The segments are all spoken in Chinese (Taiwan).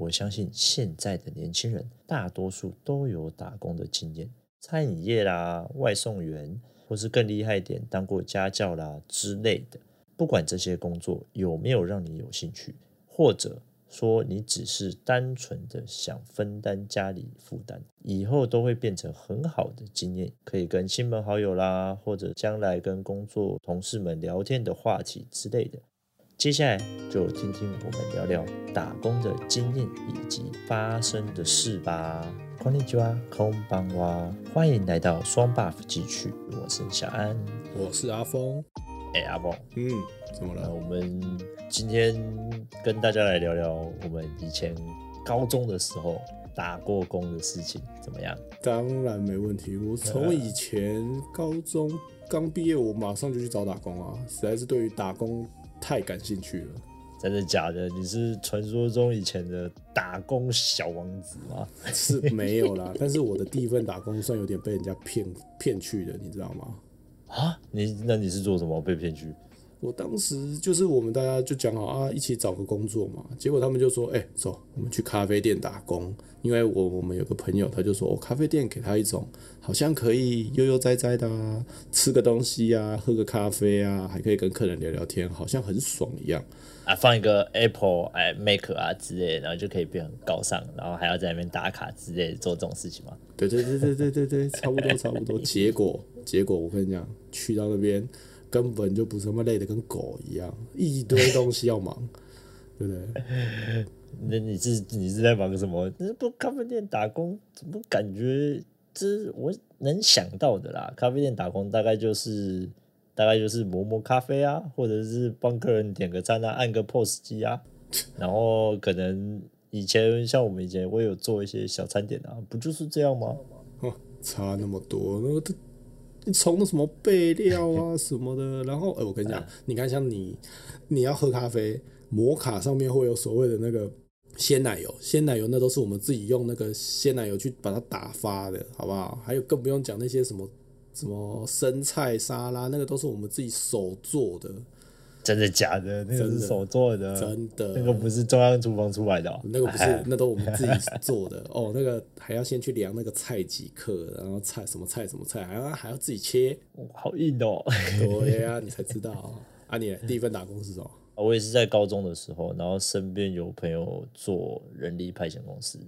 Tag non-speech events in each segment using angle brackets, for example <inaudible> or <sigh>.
我相信現在的年輕人大多數都有打工的經驗，餐飲業啦、外送員，或是更厲害一點當過家教啦之類的。不管這些工作有沒有讓你有興趣，或者說你只是單純的想分擔家裡負擔，以後都會變成很好的經驗，可以跟親朋好友啦，或者將來跟工作同事們聊天的話題之類的。接下來就聽聽我們聊聊打工的經驗以及發生的事吧。空尼幾哇，空班哇，歡迎來到雙 buff 集區。我是小安，我是阿峰。哎、欸，阿峰。嗯，怎麼了？我們今天跟大家來聊聊我們以前高中的時候打過工的事情，怎麼樣？當然沒問題。我從以前高中剛畢業，我馬上就去找打工啊，實在是對於打工太感興趣了，真的假的？你是傳說中以前的打工小王子嗎？是沒有啦， <laughs> 但是我的第一份打工算有點被人家騙騙去的，你知道嗎？啊，你那你是做什麼被騙去？我當時就是我們大家就講好啊，一起找個工作嘛。結果他們就說：“哎、欸，走，我們去咖啡店打工。”因為我我們有個朋友，他就說：“哦，咖啡店給他一種好像可以悠悠哉哉的、啊、吃個東西呀、啊，喝個咖啡啊，還可以跟客人聊聊天，好像很爽一樣啊。”放一個 Apple 啊 Mac 啊之類，然後就可以變很高尚，然後還要在那邊打卡之類的做這種事情嘛，對對對對對對對，差不多差不多。結 <laughs> 果結果，結果我跟你講，去到那邊。根本就不是什麼累的，跟狗一樣，一堆東西要忙， <laughs> 對不對？那你，你是你是在忙什麼？那不咖啡店打工？怎麼感覺這我能想到的啦？咖啡店打工大概就是大概就是磨磨咖啡啊，或者是幫客人點個餐啊，按個 POS 機啊。 <laughs> 然後可能以前像我們以前我有做一些小餐點啊，不就是這樣嗎？差那麼多、呃從什麼配料啊什麼的，然後，哎，我跟你講，你看像你，你要喝咖啡，摩卡上面會有所謂的那個鮮奶油，鮮奶油那都是我們自己用那個鮮奶油去把它打發的，好不好？還有更不用講那些什麼什麼生菜沙拉，那個都是我們自己手做的。真的假的？那個是手做的，的，真的。那個不是中央廚房出來的。喔，那個不是， <laughs> 那都我們自己做的。哦，那個還要先去量那個菜幾克，然後菜什麼菜什麼菜，還要、啊、還要自己切，哦、好硬哦。 <laughs> 對呀，啊，你才知道 <laughs> 啊你。你第一份打工是什麼？我也是在高中的時候，然後身邊有朋友做人力派遣公司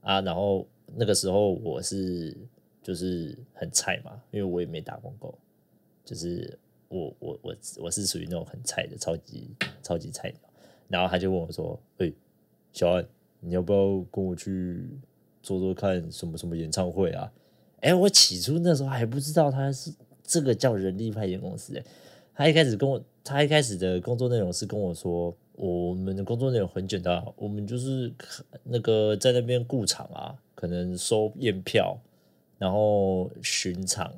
啊，然後那個時候我是就是很菜嘛，因為我也沒打工過，就是。我我我我是屬於那種很菜的超級超級菜鳥，然後他就問我說：“哎，小安，你要不要跟我去做做看什麼什麼演唱會啊？”哎，我起初那時候還不知道他是這個叫人力派遣公司哎，他一開始跟我，他一開始的工作內容是跟我說，我們的工作內容很簡單，我們就是那個在那邊顧場啊，可能收驗票，然後巡場。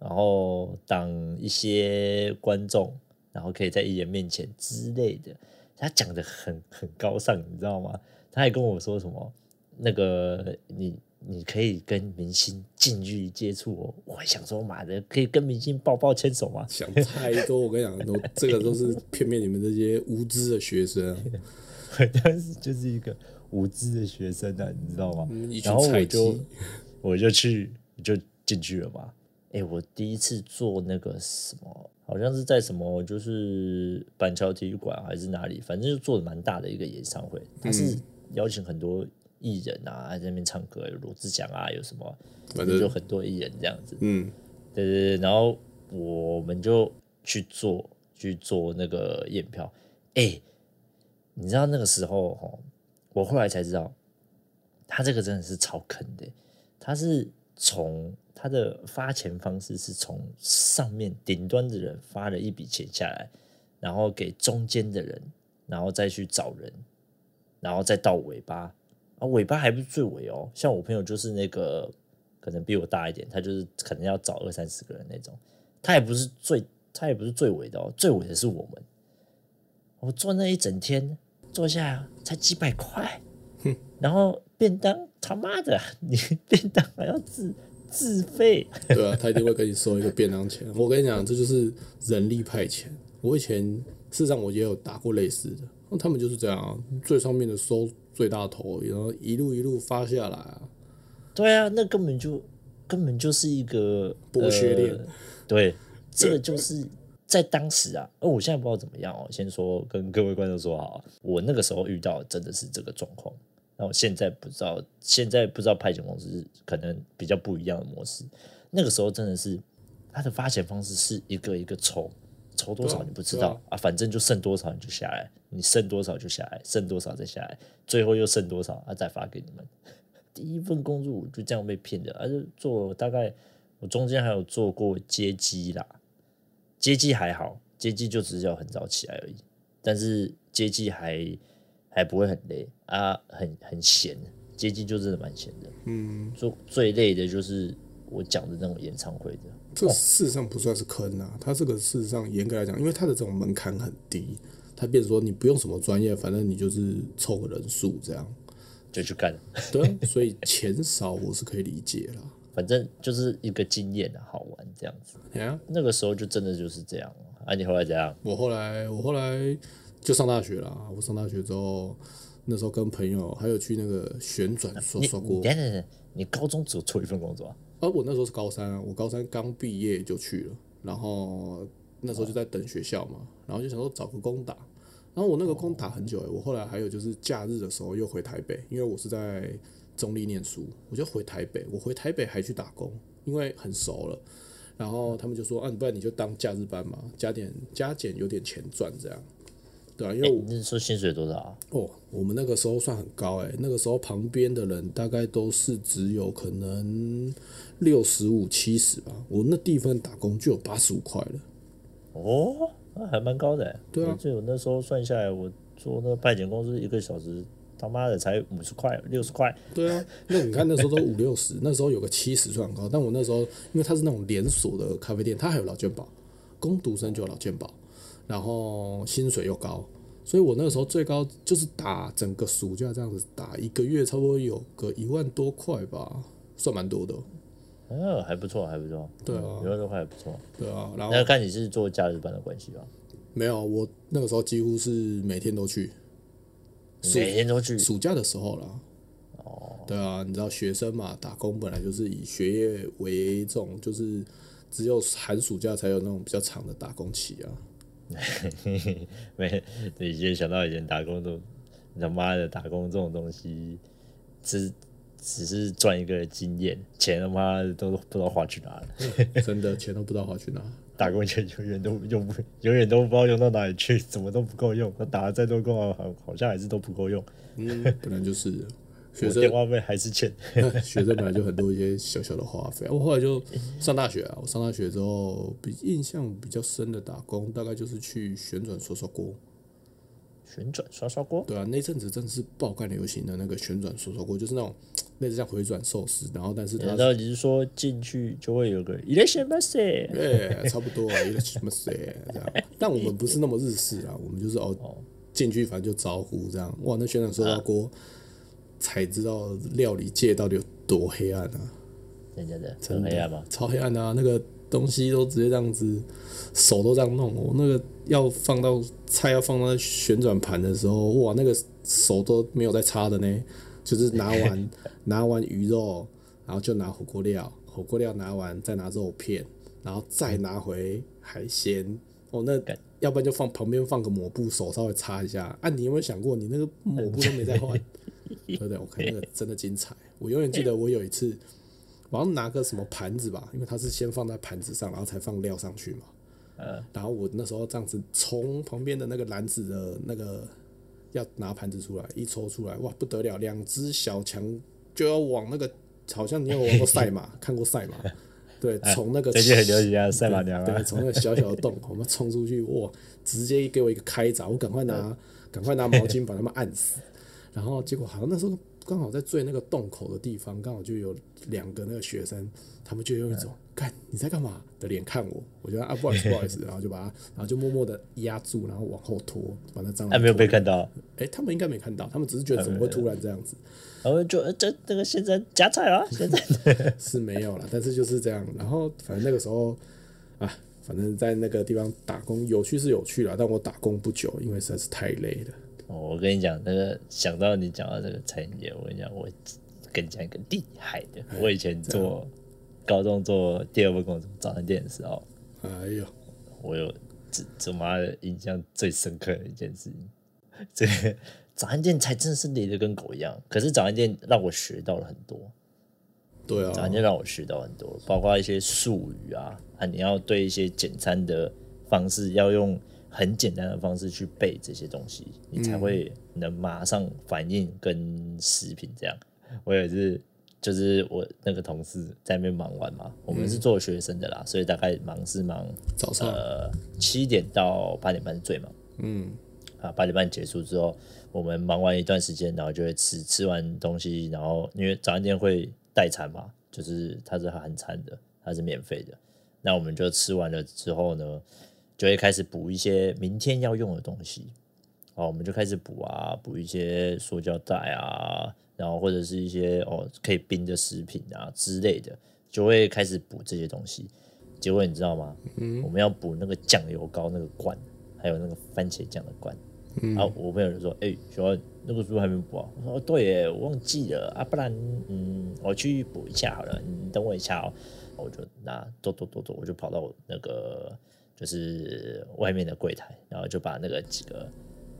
然後當一些觀眾，然後可以在藝人面前之類的，他講得很很高尚，你知道嗎？他還跟我說什麼？那個你你可以跟明星近距離接觸哦。我想說嘛，可以跟明星抱抱牽手嗎？想太多，我跟你講， <laughs> 這個都是片面。你們這些無知的學生，啊， <laughs> 但是就是一個無知的學生啊，你知道嗎？嗯、彩然後我就 <laughs> 我就去就進去了嘛。哎、欸，我第一次做那個什麼，好像是在什麼，就是板橋體育館、啊、還是哪裡，反正就做得蠻大的一個演唱會。他、嗯、是邀請很多藝人啊，在那邊唱歌，有羅志祥啊，有什麼，反正就很多藝人這樣子。嗯，對對對，然後我們就去做去做那個驗票。哎、欸，你知道那個時候我後來才知道，他這個真的是超坑的，他是。從他的發錢方式是從上面頂端的人發了一筆錢下來，然後給中間的人，然後再去找人，然後再到尾巴啊，尾巴還不是最尾哦。像我朋友就是那個可能比我大一點，他就是可能要找二三十個人那種，他也不是最他也不是最尾的哦，最尾的是我們。我做那一整天，做下來才幾百塊，哼，然後。便當他媽的，你便當還要自自費？對啊，他一定會給你收一個便當錢。 <laughs> 我跟你講，這就是人力派遣。我以前事實上我也有打過類似的，那他們就是這樣啊，最上面的收最大頭，然後一路一路發下來啊。對啊，那根本就根本就是一個剝削鏈，呃、對， <laughs> 這個就是在當時啊，我現在不知道怎麼樣哦。我先說跟各位觀眾說啊，我那個時候遇到的真的是這個狀況。那我現在不知道，現在不知道派遣公司可能比較不一樣的模式。那個時候真的是，他的發錢方式是一個一個抽，抽多少你不知道啊，反正就剩多少你就下來，你剩多少就下來，剩多少再下來，最後又剩多少啊再發給你們。第一份工作我就這樣被騙的，而、啊、且做大概我中間還有做過接機啦，接機還好，接機就只是要很早起來而已，但是接機還。還不會很累啊，很很閒，接近就是蠻閒的。嗯，就最累的就是我講的那種演唱會的。這事實上不算是坑啊。他、哦、這個事實上嚴格來講，因為他的這種門檻很低，他變說你不用什麼專業，反正你就是湊個人數這樣就去幹。 <laughs> 對，所以錢少我是可以理解了。反正就是一個經驗、啊、好玩這樣子、啊。那個時候就真的就是這樣。哎、啊，你後來怎樣？我後來，我後來。就上大學了。我上大學之後，那時候跟朋友還有去那個旋轉涮涮鍋。等等等，你高中只有做一份工作？啊，我那時候是高三啊，我高三剛畢業就去了。然後那時候就在等學校嘛、啊，然後就想說找個工打。然後我那個工打很久誒、欸哦，我後來還有就是假日的時候又回台北，因為我是在中壢念書，我就回台北。我回台北還去打工，因為很熟了。然後他們就說：“嗯、啊，不然你就當假日班嘛，加點加減有點錢賺這樣。”對啊，因為你說、欸、薪水多少啊？哦，我們那個時候算很高誒、欸，那個時候旁邊的人大概都是只有可能六十五、七十吧。我那地方打工就有八十五塊了。哦，那還蠻高的、欸、對啊，所以我那時候算下來，我做那派遣公司一個小時，他媽的才五十塊、六十塊。對啊，那你看那時候都五六十，那時候有個七十算很高。但我那時候因為他是那種連鎖的咖啡店，他還有勞健保，工讀生就有勞健保。然後薪水又高，所以我那個時候最高就是打整個暑假這樣子打一個月，差不多有個一萬多塊吧，算蠻多的。啊，還不錯，還不錯。對啊，一萬多塊還不錯。對啊，然後那看你是做假日班的關係吧？沒有，我那個時候幾乎是每天都去，每天都去，暑假的時候啦。哦，對啊，你知道學生嘛，打工本來就是以學業為重，就是只有寒暑假才有那種比較長的打工期啊。嘿嘿嘿，沒，直、嗯、接想到以前打工都，你他媽的，的打工這種東西，只只是賺一個經驗，錢他媽都，都不知道花去哪了、哦。真的錢都不知道花去哪， <laughs> 打工錢永遠都用不，永遠都不知道用到哪裡去，怎麼都不夠用。我打了再多工，好好像還是都不夠用。嗯，本 <laughs> 來就是。學生我電話費，還是欠， <laughs> 學生本來就很多一些小小的花費、啊。我後來就上大學啊，我上大學之後，比印象比較深的打工，大概就是去旋轉涮涮鍋。旋轉涮涮鍋，對啊，那陣子真的是爆幹流行的那個旋轉涮涮鍋，就是那種類似像回轉壽司，然後但是他，那到底是說進去就會有個伊樂西嗎？哎、欸，差不多啊，伊樂西嗎？哎，這樣。 <laughs> 但我們不是那麼日式啊，我們就是哦，進、哦、去反正就招呼這樣。哇，那旋轉涮涮鍋。啊才知道料理界到底有多黑暗啊！真的，超黑暗吧？超黑暗的啊！那個東西都直接這樣子，手都這樣弄、哦。我那個要放到菜要放到旋轉盤的時候，哇，那個手都沒有在擦的呢。就是拿完拿完魚肉，然後就拿火鍋料，火鍋料拿完再拿肉片，然後再拿回海鮮。哦，那要不然就放旁邊放個抹布，手稍微擦一下。啊，你有沒有想過，你那個抹布都沒在換？對對，我看那個真的精彩。我永遠記得，我有一次，我要拿個什麼盤子吧，因為它是先放在盤子上，然後才放料上去嘛。呃、嗯，然後我那時候這樣子，從旁邊的那個籃子的那個要拿盤子出來，一抽出來，哇，不得了，兩只小強就要往那個，好像你有玩過賽馬， <laughs> 看過賽馬，對，從那個、啊這很流行啊、對，賽馬娘啊、從那個小小的洞，我們衝出去，哇，直接給我一個開閘，我趕快拿，趕快拿毛巾把他們按死。 <laughs> 然後結果好像那時候剛好在最那個洞口的地方，剛好就有兩個那個學生，他們就用一種“看、嗯、你在幹嘛”的臉看我，我覺得、啊、不好意思， <laughs> 不好意思，然後就把他，然後就默默的壓住，然後往後拖，把那蟑螂。還、啊、沒有被看到？誒，他們應該沒看到，他們只是覺得怎麼會突然這樣子？然、嗯、後、嗯、就這這、那個現在夾菜了、啊，現在 <laughs> 是沒有了，但是就是這樣。然後反正那個時候啊，反正在那個地方打工，有趣是有趣了，但我打工不久，因為實在是太累了。我跟你講，那個想到你講到這個餐飲業，我跟你講，我跟你講一個厲害的。我以前做高中做第二份工作，早餐店的時候，哎呦，我有這他媽的印象最深刻的一件事情。這早餐店才真的是累得跟狗一樣，可是早餐店讓我學到了很多。對啊、哦，早餐店讓我學到很多，包括一些術語啊，還你要對一些簡餐的方式要用。很簡單的方式去背這些東西，你才會能馬上反應跟食品。這樣，嗯，我也是，就是我那個同事在那邊忙完嘛、嗯，我們是做學生的啦，所以大概忙是忙早上七，呃、點到八點半是最忙，嗯，啊，八點半結束之後，我們忙完一段時間，然後就會吃吃完東西，然後因為早餐店會代餐嘛，就是它是含餐的，它是免費的，那我們就吃完了之後呢，就會開始補一些明天要用的東西，哦，我們就開始補啊，補一些塑膠袋啊，然後或者是一些哦，可以冰的食品啊之類的，就會開始補這些東西。結果你知道嗎？嗯，我們要補那個醬油膏那個罐，還有那個番茄醬的罐。嗯，啊，我朋友就說：“哎、欸，說那個書還沒補啊？”我說：“對耶，我忘記了啊，不然嗯，我去補一下好了，你、嗯、等我一下哦。”我就拿走走走走，我就跑到那個。就是外面的櫃檯，然後就把那個幾個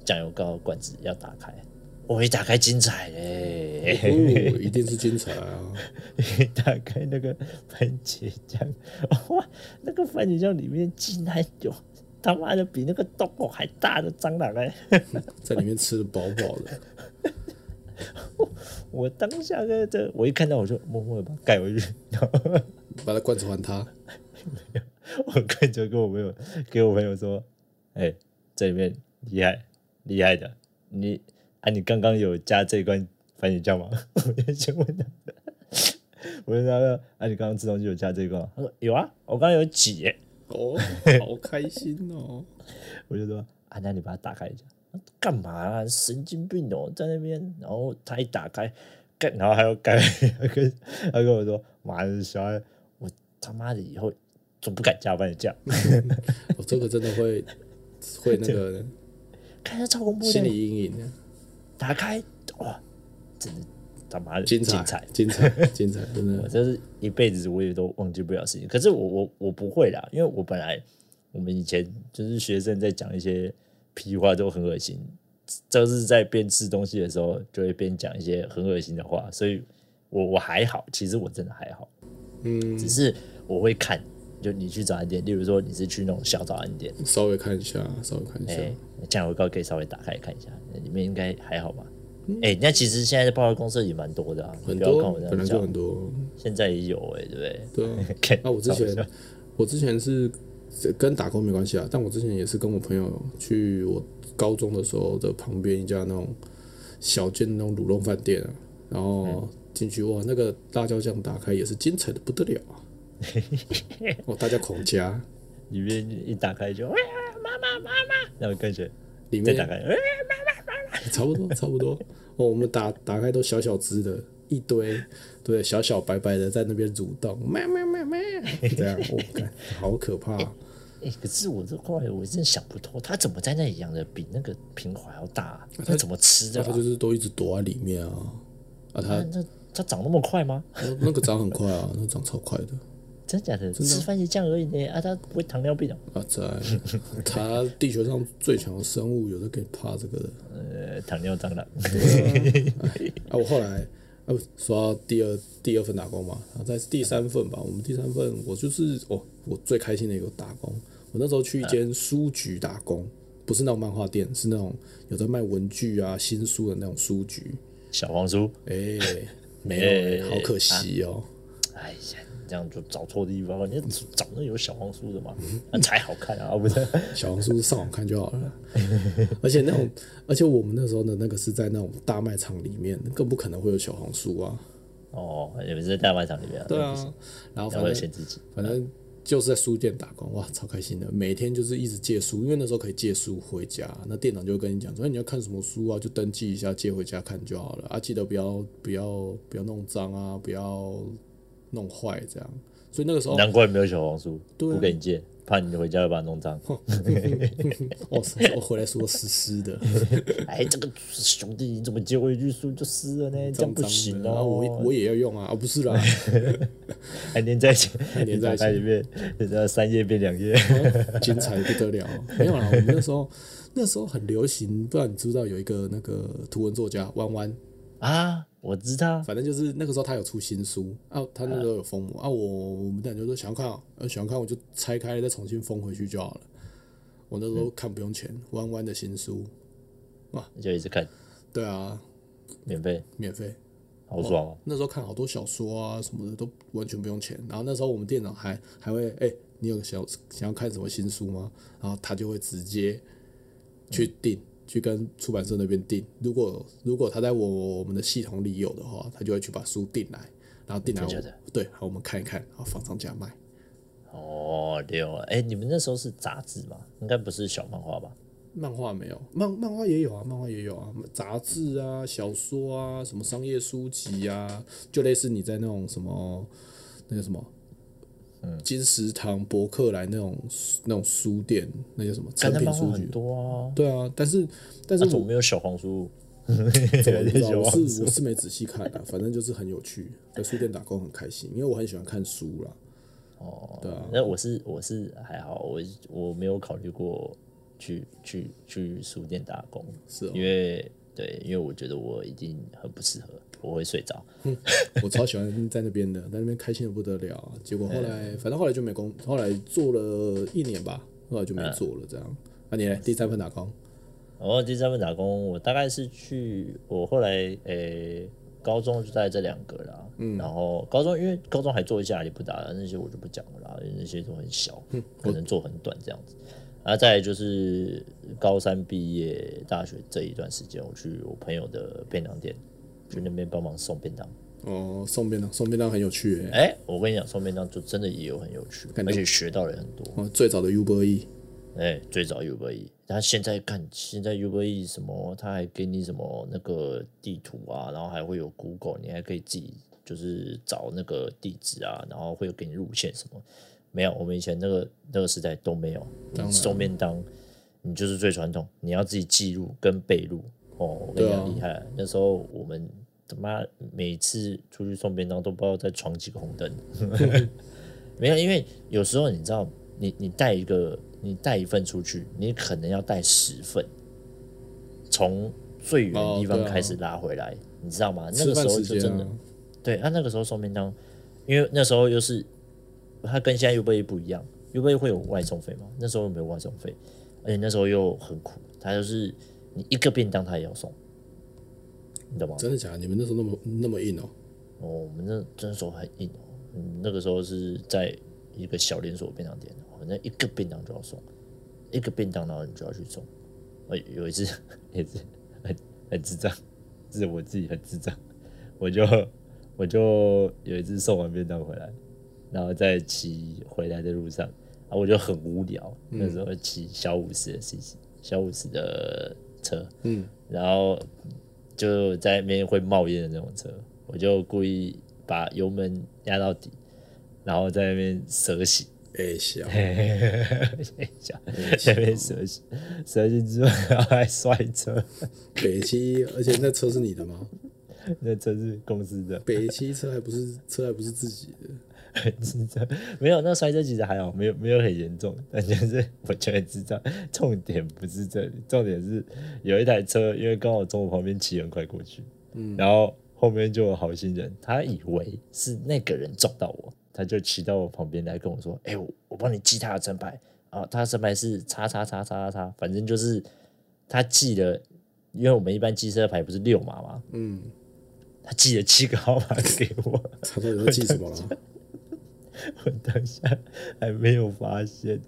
醬油膏罐子要打開，我、哦、一打開精彩嘞、欸哦，一定是精彩啊！ <laughs> 打開那個番茄醬，哇，那個番茄醬裡面竟然有他媽的比那個豆腐還大的蟑螂嘞、欸，在裡面吃的飽飽的。 <laughs> 我當下個這，我一看到我就默默的把它蓋回去，把它罐子還他。 <laughs> 我剛才跟我朋友跟我朋友說，誒、欸，這裡面厲害厲害的，你啊，你剛剛有加這一關番茄醬嗎？ <laughs> 我就先問他， <laughs> 我就說啊，你剛剛吃東西有加這個嗎？他說有啊，我剛剛有擠哦，好開心哦。 <laughs> 我就說啊，那你把它打開一下，幹、啊、嘛啊？神經病哦，在那邊。然後他一打開，幹，然後還要幹， <laughs> 他跟他跟我說，媽的，小孩，我他媽的以後。總不敢加班的加， <laughs> 我這個真的會會那個，看一下超恐怖的，的心理陰影啊。打開哇，真的，他媽的，精彩，精彩，精彩，呵呵精彩精彩真的。我真，就是一輩子我也都忘記不了事情。可是我我我不會啦，因為我本來我們以前就是學生，在講一些屁話都很噁心。就是在邊吃東西的時候，就會邊講一些很噁心的話，所以我我還好，其實我真的還好，嗯，只是我會看。就你去找店，例如說你是去那種小早餐店，稍微看一下，稍微看一下，醬油膏可以稍微打開看一下，那裡面應該還好吧？哎、嗯欸，那其實現在的報社公司也蠻多的、啊，很多本來就很多，現在也有哎、欸，對不對？對 OK，、啊、那、 <laughs> 啊、我之前我之前是跟打工沒關係啊，但我之前也是跟我朋友去我高中的時候的旁邊一家那種小間那種滷肉飯店、啊，然後進去、嗯、哇，那個辣椒醬打開也是精彩的不得了啊！ <laughs> 哦，他叫孔夾，裡面一打開就媽媽媽媽，然後跟誰？裡面打開，媽媽媽媽，差不多差不多。 <laughs> 哦，我們打打開都小小隻的，一堆，對，小小白白的在那邊蠕動，喵喵喵喵，這樣、哦、好可怕、欸欸。可是我這塊，我真想不通，它怎麼在那裡養的比那個平滑要大、啊？它怎麼吃的？他就是都一直躲在裡面啊，啊，它、啊，那長那麼快嗎 <laughs> 哦？那個長很快啊，那個、長超快的。真假的，真的，吃番茄醬而已啊，他不會糖尿病的、喔、啊，在他地球上最強的生物， <laughs> 有的可以怕這個的。呃、嗯，糖尿病了 <laughs> 哎。啊，我後來啊，說到第二第二份打工嘛，然後在第三份吧。我們第三份，我就是哦，我最開心的一個打工。我那時候去一間書局打工、啊，不是那種漫畫店，是那種有在賣文具啊、新書的那種書局。小黃書，誒、哎哎，沒有、哎，好可惜哦。啊、哎呀。這樣就找錯地方了，你要找那有小黃書的嘛、嗯啊？才好看啊，不是？小黃書上網看就好了。 <laughs> 而且那種，而且我們那時候的那個是在那種大賣場裡面，更不可能會有小黃書啊。哦，也不是在大賣場裡面、啊。對啊。然後反正會自己，反正就是在書店打工、啊，哇，超開心的。每天就是一直借書，因為那時候可以借書回家。那店長就會跟你講說、欸：“你要看什麼書啊？就登記一下，借回家看就好了啊！記得不要不要不要弄髒啊，不要。”弄壞這樣，所以那個時候難怪沒有小黃書對、啊，不給你借，怕你回家又把它弄髒。我我、哦、 <laughs> 回來說濕濕的，哎，這個兄弟，你怎麼借我去書就濕了呢髒髒？這樣不行、喔、啊，我我也要用啊，啊不是啦，黏、哎、在，連在一起，黏在一起，三頁變你知道三頁變兩頁，精彩不得了。沒有啦，我們那時候那時候很流行，不知，不知道你知，不知道有一個那個圖文作家彎彎啊。我知道，反正就是那個時候他有出新書啊，他那時候有封膜啊，啊，我我們店長就說想要看，呃想要看，我就拆開再重新封回去就好了。我那時候看不用錢，嗯、彎彎的新書啊，就一直看。對啊，免費，免費，好爽哦。那時候看好多小說啊什麼的都完全不用錢，然後那時候我們店長還還會哎、欸，你有想想要看什麼新書嗎？然後他就會直接去訂。嗯去跟出版社那邊訂，如果如果他在我們的系統裡有的話，他就會去把書訂來，然後訂來，對，好，我們看一看，然後放上架賣。哦，對啊，哎，欸，你們那時候是雜誌嗎？應該不是小漫畫吧？漫畫沒有，漫漫畫也有啊，漫畫也有啊，雜誌啊，小說啊，什麼商業書籍啊，就類似你在那種什麼那個什麼。嗯、金石堂、博客來那種那種書店，那些什麼誠品書局，媽媽多啊。對啊，但是但是我，啊、沒有小黃書， <laughs> 知 <laughs> 黃書我是我是沒仔細看的，啊，反正就是很有趣，在 <laughs> 書店打工很開心，因為我很喜歡看書啦。哦，對啊，那我是我是還好，我我沒有考慮過去去去書店打工，是，哦、因為。對，因為我覺得我已經很不適合，我會睡着、嗯。我超喜歡在那邊的， <laughs> 在那邊開心的不得了、啊。結果後來、嗯，反正後來就沒工，後來做了一年吧，後來就沒做了。這樣，嗯、那你呢？第三份打工？然後第三份打工，我大概是去，我後來、欸、高中就在這兩個啦、啊。嗯。然後高中，因為高中還做一些不打了，那些，我就不講了啦，那些都很小，嗯，可能做很短這樣子。那、啊、再就是高三畢業大學這一段時間，我去我朋友的便當店，去那邊幫忙送便當。哦、呃，送便當，送便當很有趣誒、欸欸。我跟你講，送便當就真的也有很有趣，而且學到了很多。最早的 Uber E，誒、欸，最早 Uber E，那現在看現在 Uber E 什麼，他還給你什麼那個地圖啊，然後還會有 Google，你還可以自己就是找那個地址啊，然後會給你路線什麼。沒有，我們以前那個那個時代都沒有你送便當，你就是最傳統，你要自己記錄跟背錄哦。非常厲害、啊，那時候我們他媽、啊、每次出去送便當都不知道再闖幾個紅燈。呵呵，沒有，因為有時候你知道，你你帶一個，你帶一份出去，你可能要帶十份，從最遠的地方開始拉回來、啊，你知道嗎？那個時候就真的，啊、對他、啊、那個時候送便當，因為那時候又是。它跟現在 Uber 又不一樣，Uber 會有外送費嘛。那時候又沒有外送費，而且那時候又很苦。它就是你一個便當，它也要送，你懂嗎？真的假的？你們那時候那麼那麼硬哦？哦，我們那那時候很硬哦。那個時候是在一個小連鎖便當店，反正一個便當就要送，一個便當然後你就要去送。我、哦、有一次也是很很智障，是我自己很智障，我就我就有一次送完便當回來。然後在騎回來的路上，然後我就很無聊。嗯、那時候騎小五十的 CC，小五十的車，嗯，然後就在那邊會冒煙的那種車，我就故意把油門壓到底，然後在那邊蛇行。哎、欸、笑，哎、欸、笑、欸欸欸，在那邊蛇行，蛇行之後，然後還摔車。北七，而且那車是你的嗎？ <laughs> 那車是公司的。北七車還不是車還不是自己的。智 <laughs> 障沒有那摔車其實還好，沒有沒有很嚴重，但就是我全智障。重點不是這裡，重點是有一台車，因為剛好從我旁邊騎很快過去、嗯，然後後面就有好心人，他以為是那個人撞到我，他就騎到我旁邊來跟我說：“哎、欸，我我幫你記他的車牌啊，他車牌是叉叉叉叉叉叉，反正就是他記得，因為我們一般記車牌不是六碼嗎？嗯，他記得七個號碼給我，他 <laughs> 說你都記什麼了？” <laughs> 我當下還沒有發現，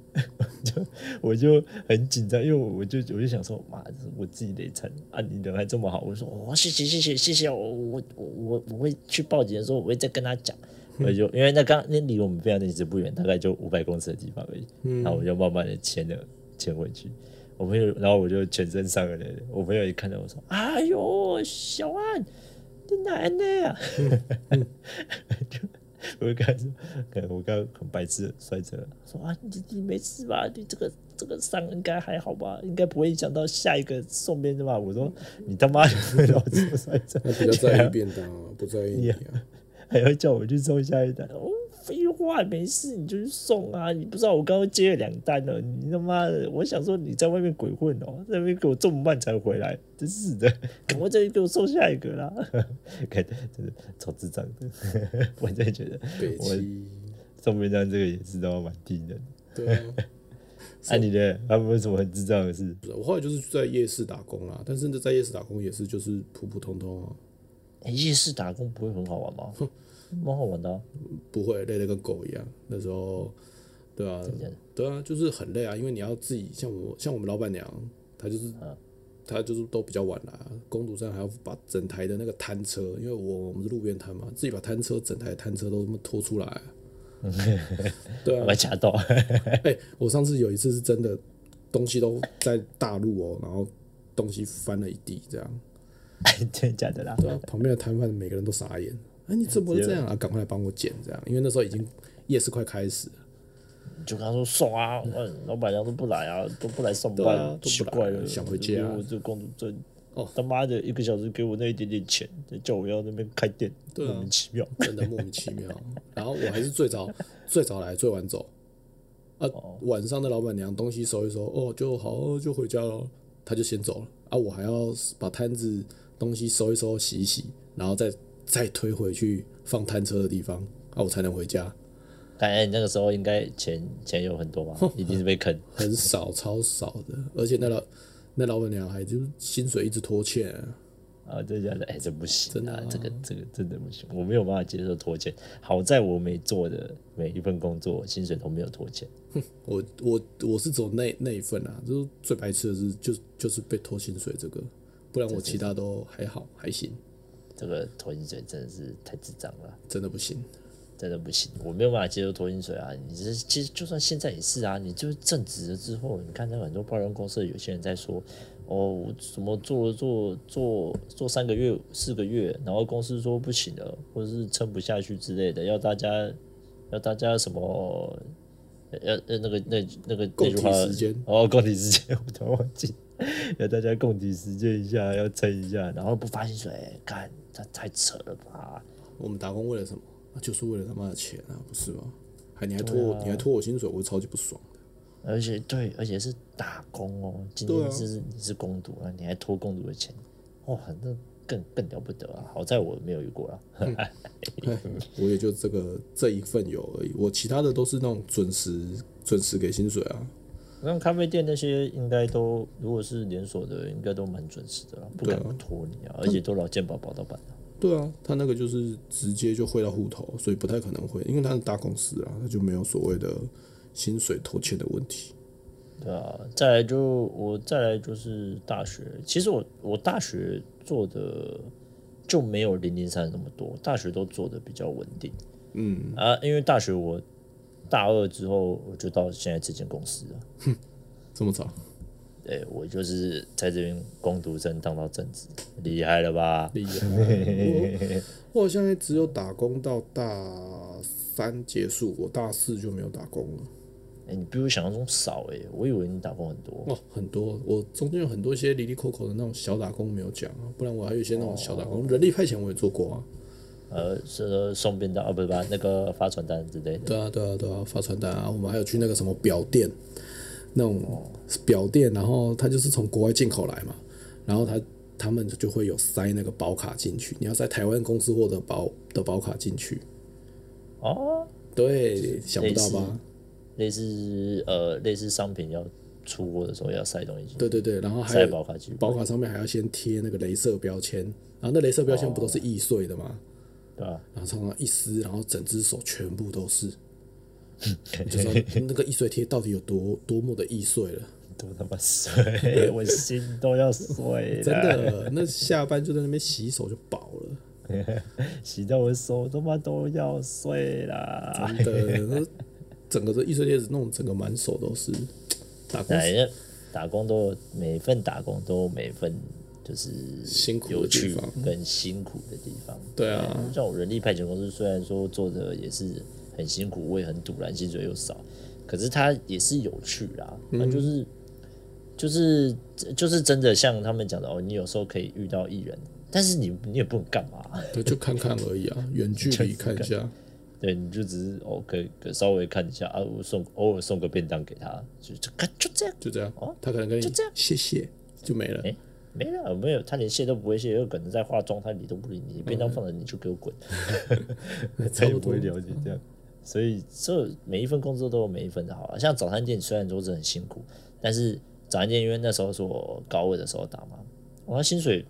我就，我就很緊張，因為我就我就想說，媽，我自己得層啊，你人還這麼好，我說，哦，謝謝謝謝謝謝，我我我我我會去報警的時候，我會再跟他講，我就因為那剛那離我們非常之不遠，大概就五百公尺的地方而已，然後我就慢慢的牽了牽回去，我朋友，然後我就全身傷了累累，我朋友一看到我說，嗯、哎呦，小安，你奶奶的呀？嗯 <laughs> 嗯我開始，我剛很白痴的摔車說啊，你你沒事吧？你這個這個傷應該還好吧？應該不會影響到下一個送便當吧？我說你他媽怎麼老這麼摔車？我 <laughs> <laughs> 比較在意便當，啊，yeah, 不在意你，啊，yeah, 還要叫我去送下一單。廢話沒事，你就去送啊！你不知道我剛剛接了兩單了，你他媽的！我想說你在外面鬼混哦、喔，在外面給我這麼慢才回來，真是的！趕快再給我送下一個啦，感覺真的超智障的。 <laughs> 我真的覺得對，我送冰箱這個也是都蠻低的。對愛、啊啊 <laughs> 啊、你的，他不會什麼很智障的事。不是，我後來就是在夜市打工啊，但是呢，在夜市打工也是就是普普通通啊。欸、夜市打工不會很好玩嗎？蠻好玩的、啊，不會累得跟狗一樣。那時候，對啊，對啊，就是很累啊，因為你要自己像我像我們老闆娘，她就是她就是都比較晚了，公主上還要把整台的那個攤車，因為我我們是路邊攤嘛，自己把攤車整台攤車都這麼拖出來。 <laughs> 對啊，我夾到。 <laughs> 、欸。我上次有一次是真的，東西都在大路哦、喔，然後東西翻了一地這樣。 <laughs> 真的假的啦？對啊，旁邊的攤販每個人都傻眼。哎、 <laughs> 啊，你怎麼會這樣啊？趕快來幫我撿，這樣，因為那時候已經夜市快開始了。就跟他說送啊， <laughs> 老闆娘都不來啊，都不來上班，對啊、不來奇怪了，想回家、啊，就是、我這工作，這他媽的一個小時給我那一點點錢，就叫我要那邊開店、啊，莫名其妙，真的莫名其妙。 <laughs> 然後我還是最早 <laughs> 最早來，最晚走。啊，哦、晚上的老闆娘東西收一收，哦，就好就回家了。她就先走了啊，我還要把攤子。東西收一收，洗一洗，然後再再推回去放攤車的地方，啊，我才能回家。哎，你、欸、那個時候應該錢錢有很多吧呵呵？一定是被坑，很少，超少的。 <laughs> 而且那老那老板娘還就是薪水一直拖欠啊。啊，就這家的哎，這不行、啊，真的，這個這個真的不行，我沒有辦法接受拖欠。好在我沒做的每一份工作薪水都沒有拖欠。哼，我我我是走那那一份啊，就是最白痴的是就是、就是被拖薪水這個。不然我其他都還好，還行。這個拖薪水真的是太智障了，真的不行，真的不行，我沒有辦法接受拖薪水啊！你這其實就算現在也是啊，你就是正職了之後，你看到很多保險公司有些人在說哦，我什麼做了做做做,做三個月四個月，然後公司說不行了，或者是撐不下去之類的，要大家要大家什麼要、那個、那,那個那那個共體時間哦，共體時間我突然忘記。要 <laughs> 大家共體時艱一下，要撐一下，然後不發薪水，幹，他太扯了吧！我們打工為了什麼？就是為了他媽的錢啊，不是嗎？還你還拖、啊、你還拖我薪水，我超級不爽。而且對，而且是打工哦，今天你是、啊、你是工讀啊，你還拖工讀的錢，反正更更了不得啊！好在我沒有遇過了、啊， <laughs> <laughs> 我也就這個這一份有而已，我其他的都是那種準時準時給薪水啊。那咖啡店那些應該都，如果是連鎖的，應該都蠻準時的啦，啊，不敢拖你啊，而且都勞健保保到板的。對啊，他那個就是直接就匯到戶頭，所以不太可能會，因為他是大公司啊，他就沒有所謂的薪水拖欠的問題。對啊，再來就我再來就是大學，其實我我大學做的就沒有零零散散那麼多，大學都做的比較穩定。嗯啊，因為大學我。大二之後，我就到現在這間公司了。哼，這麼早？誒、欸，我就是在這邊工讀生當到正職，厲害了吧？厲害！ <laughs> 我，我好像也只有打工到大三結束，我大四就沒有打工了。誒、欸，你比我想象中少誒、欸，我以為你打工很多。哦，很多。我中間有很多些零零扣扣的那種小打工沒有講啊，不然我還有一些那種小打工，哦、人力派遣，我也做過啊。呃，是送便當啊，不是吧，那個發傳單之類的。對啊，對啊，對啊，發傳單啊。我們還有去那個什麼錶店，那種錶店，哦，然後他就是從國外進口來嘛，然後他他們就會有塞那個保卡進去，你要在台灣公司獲得保的保卡進去。哦，對，想不到吧？類似，類似，呃，類似商品要出貨的時候要塞東西。對對對，然後還有保卡，保卡上面還要先貼那個鐳射標籤，嗯，然後那鐳射標籤不都是易碎的嗎？哦然後剛剛一撕，然後整只手全部都是，就說那個易碎貼到底有多多麼的易碎了，都他媽碎，我心都要碎了。 <laughs> 真的，那下班就在那邊洗手就飽了， <laughs> 洗到我手他媽都要碎啦。真的，那是整個的易碎貼子弄整個滿手都是，打工，打工都每份打工都每份。就是辛苦，有趣跟辛苦的地方，地方對，對啊，像我人力派遣公司雖然說做的也是很辛苦，我也很堵，然薪水又少，可是他也是有趣啦。那就是、嗯、就是就是真的像他們講的哦，你有時候可以遇到藝人，但是你你也不能幹嘛、啊對，就看看而已啊，遠距離看一下、就是，對，你就只是可以，、哦、稍微看一下啊，我送偶爾送個便當給他，就就就這樣就這樣哦，他可能跟你就這樣，謝謝就沒了、欸沒有沒有，他連卸都不會卸，有可能在化妝，他理都不理你。嗯、你便當放在，你就給我滾。差、嗯、 <laughs> 不多了解這樣，所以這每一份工作都有每一份的好了。像早餐店雖然說是很辛苦，但是早餐店因為那時候是我高位的時候打嘛，我薪水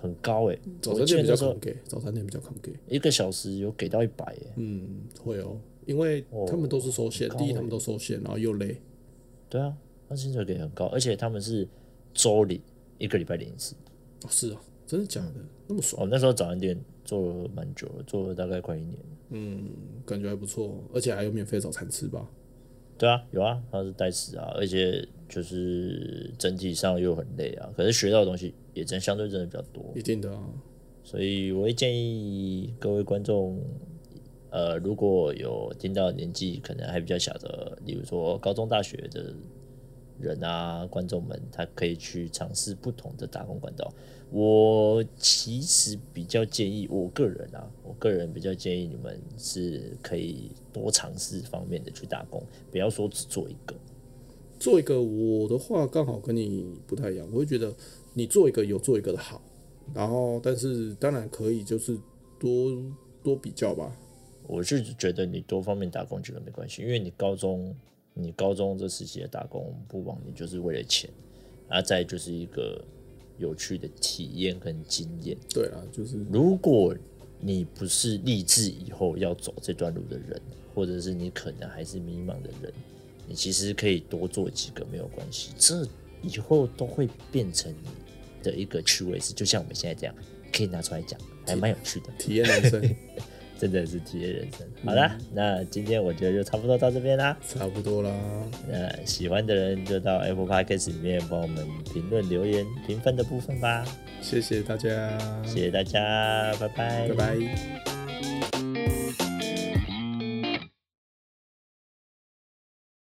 很高誒、欸。早餐店比較肯給，早餐店比較給，一個小時有給到一百誒。嗯，會哦，因為他們都是收現，工、哦、地、欸、他們都收現，然後又累。對啊，那薪水給很高，而且他們是週領。一個禮拜一次，哦，是啊，真的假的？那麼爽，啊、哦！那時候早餐店做了蠻久，做了大概快一年，嗯，感覺還不錯，而且還有免費早餐吃吧？對啊，有啊，它是代吃啊，而且就是整體上又很累啊，可是學到的東西也真相對真的比較多，一定的啊。所以我會建議各位觀眾，呃，如果有聽到年紀可能還比較小的，例如說高中、大學的。人啊，觀眾們，他可以去嘗試不同的打工管道。我其實比較建議，我個人啊，我個人比較建議你們是可以多嘗試方面的去打工，不要說只做一個。做一個，我的話剛好跟你不太一樣，我會覺得你做一個有做一個的好，然後但是當然可以就是多多比較吧。我是覺得你多方面打工這個沒關係，因為你高中。你高中這時期的打工不枉，你就是為了錢，然後再就是一個有趣的體驗跟經驗。對啊，就是如果你不是立志以後要走這段路的人，或者是你可能還是迷茫的人，你其實可以多做幾個沒有關係，這以後都會變成你的一個趣味事，就像我們現在這樣，可以拿出來講，還蠻有趣的體驗男生。 <laughs> 真的是體驗人生。好啦、嗯，那今天我覺得就差不多到這邊啦，差不多啦。那喜歡的人就到 Apple Podcast 裡面幫我們評論留言、評分的部分吧。謝謝大家，謝謝大家，拜拜，拜拜。